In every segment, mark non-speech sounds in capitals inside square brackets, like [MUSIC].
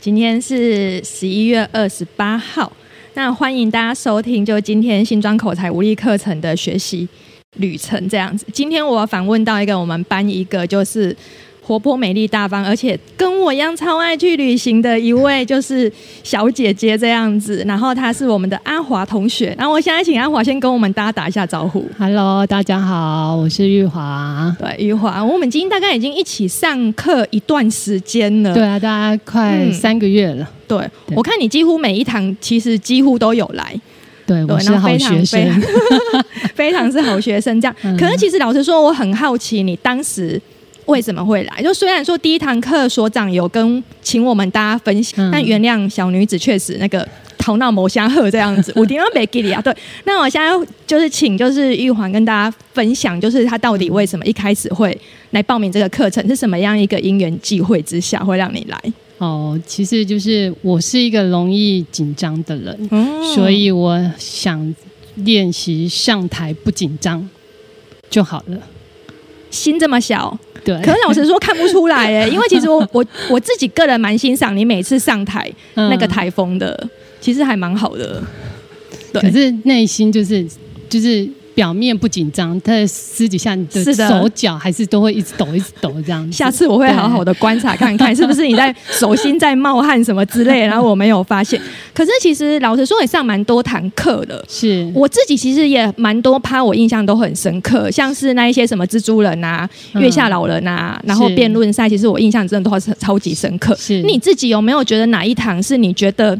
今天是十一月二十八號，那歡迎大家收聽，就今天新莊口才五力課程的學習旅程這樣子。今天我訪問到一個我們班一個就是。活潑、美麗、大方，而且跟我一樣超愛去旅行的一位，就是小姐姐這樣子。然後她是我們的阿華同學。然後我現在請阿華先跟我們大家打一下招呼。Hello，大家好，我是玉華。對，玉華，我們今天大概已經一起上課一段時間了。對啊，大家快三個月了。嗯、對，對我看你幾乎每一堂其實幾乎都有來。對，對我是好學生，非常，非，常 [LAUGHS] 非常是好學生。這樣，嗯、可是其實老實說，我很好奇，你當時。為什麼會來？就雖然說第一堂課所長有跟請我們大家分享，嗯、但原諒小女子確實那個頭腦毛相赫這樣子，我聽到沒給你啊？對，那我現在就是請就是玉華跟大家分享，就是他到底為什麼一開始會來報名這個課程，是什麼樣一個因緣際會之下會讓你來？哦，其實就是我是一個容易緊張的人，嗯、所以我想練習上台不緊張就好了。心這麼小，對，可是老實說看不出來哎。 [LAUGHS] 因為其實我我我自己個人蠻欣賞你每次上台，嗯、那個台風的，其實還蠻好的，對，可是內心就是就是。表面不緊張，但私底下你是的手腳還是都會一直抖，一直抖這樣。 [LAUGHS] 下次我會好好的觀察看看，對 [LAUGHS] 是不是你在手心在冒汗什麼之類？然後我沒有發現， [LAUGHS] 可是其實老實說，也上蠻多堂課的。是，我自己其實也蠻多趴，我印象都很深刻，像是那一些什麼蜘蛛人啊、嗯、月下老人啊，然後辯論賽，其實我印象真的都是超級深刻。是，你自己有沒有覺得哪一堂是你覺得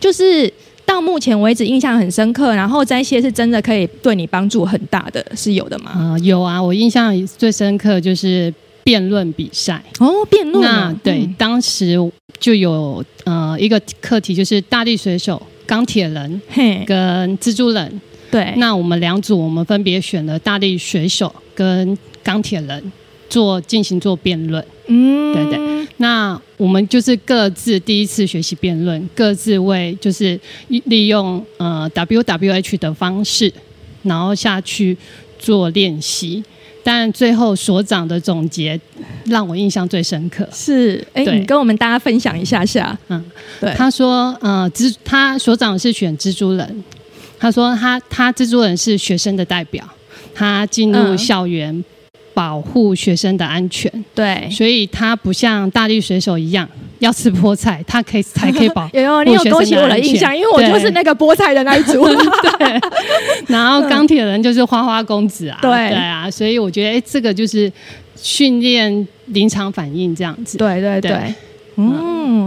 就是？到目前為止，印象很深刻，然後這些是真的可以對你幫助很大的，是有的嗎？啊、呃，有啊！我印象最深刻就是辯論比賽哦，辯論、啊。那對，嗯、當時就有呃一個課題，就是大力水手、鋼鐵人跟蜘蛛人。對嘿，那我們兩組，我們分別選了大力水手跟鋼鐵人。做進行做辯論，嗯，對，對對。那我們就是各自第一次學習辯論，各自為就是利用呃 W W H 的方式，然後下去做練習。但最後所長的總結讓我印象最深刻。是，哎、欸，對，你跟我們大家分享一下下。嗯，對。他說，呃，蜘他所長是選蜘蛛人，他說他他蜘蛛人是學生的代表，他進入校園。嗯保護學生的安全，對，所以他不像大力水手一樣要吃菠菜，他可以才可以保護學生的安全，有 [LAUGHS] 你有勾起我的印象，對因為我就是那個菠菜的那一組。 [LAUGHS] 對然後鋼鐵人就是花花公子啊，對對啊，所以我覺得、欸、這個就是訓練臨場反應這樣子。對對對，對嗯，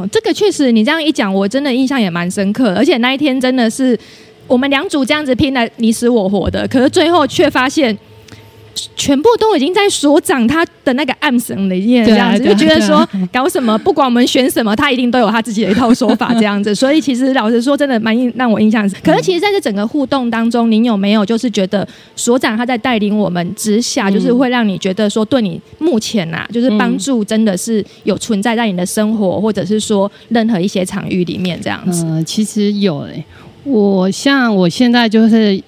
嗯，這個確實你這樣一講，我真的印象也蠻深刻，而且那一天真的是我們兩組這樣子拼了，你死我活的，可是最後卻發現。全部都已經在所長他的那個暗算裡面這樣子，就覺得說搞什麼，不管我們選什麼，他一定都有他自己的一套說法這樣子。 [LAUGHS] 所以其實老實說，真的蠻讓我印象。可是其實在這整個互動當中，您、嗯、有沒有就是覺得所長他在帶領我們之下，就是會讓你覺得說對你目前吶、啊，就是幫助真的是有存在在你的生活，嗯、或者是說任何一些場域裡面這樣子？嗯、其實有誒，我像我現在就是。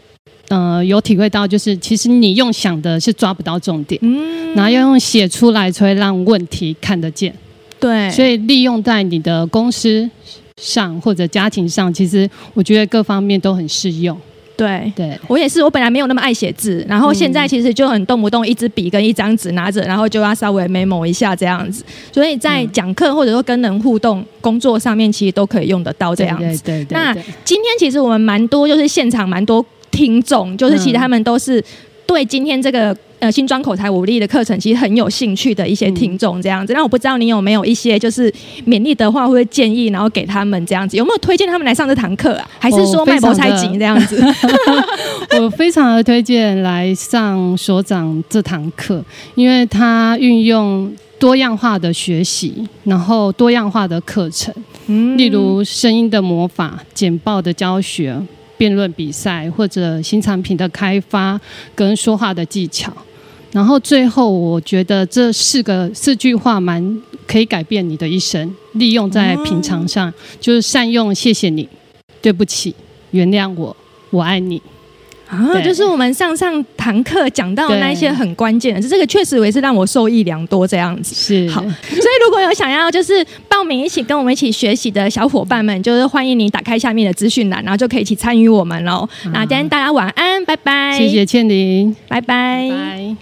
嗯、呃，有體會到，就是其實你用想的是抓不到重點，嗯，然後要用寫出來才會讓問題看得見，對，所以利用在你的公司上或者家庭上，其實我覺得各方面都很適用。對，對我也是，我本來沒有那麼愛寫字，然後現在其實就很動不動一支筆跟一張紙拿着，嗯、然後就要稍微 memo 一下這樣子，所以在講課或者說跟人互動、嗯、工作上面，其實都可以用得到這樣子。對對對。那今天其實我們蠻多，就是現場蠻多聽眾就是其實他們都是對今天這個呃新專口才五力的課程其實很有興趣的一些聽眾這樣子，那、嗯、我不知道你有沒有一些就是勉勵的話，會不會建議然後給他們這樣子，有沒有推薦他們來上這堂課啊？還是說賣口才錦這樣子？我非， [LAUGHS] 我非常的推薦來上所長這堂課，因為他運用多樣化的學習，然後多樣化的課程，例如聲音的魔法、簡報的教學。辯論比賽或者新產品的開發，跟說話的技巧。然後最後，我覺得這四個四句話蠻可以改變你的一生。利用在平常上，就是善用。謝謝你，對不起，原諒我，我愛你。啊，就是我們上上堂課講到的那一些很關鍵的，對這個確實也是讓我受益良多這樣子。是，好，所以如果有想要就是報名一起跟我們一起學習的小夥伴們，就是歡迎你打開下面的資訊欄，然後就可以一起參與我們嘍。嗯、那今天大家晚安，拜拜，謝謝茜琳，拜拜。拜拜。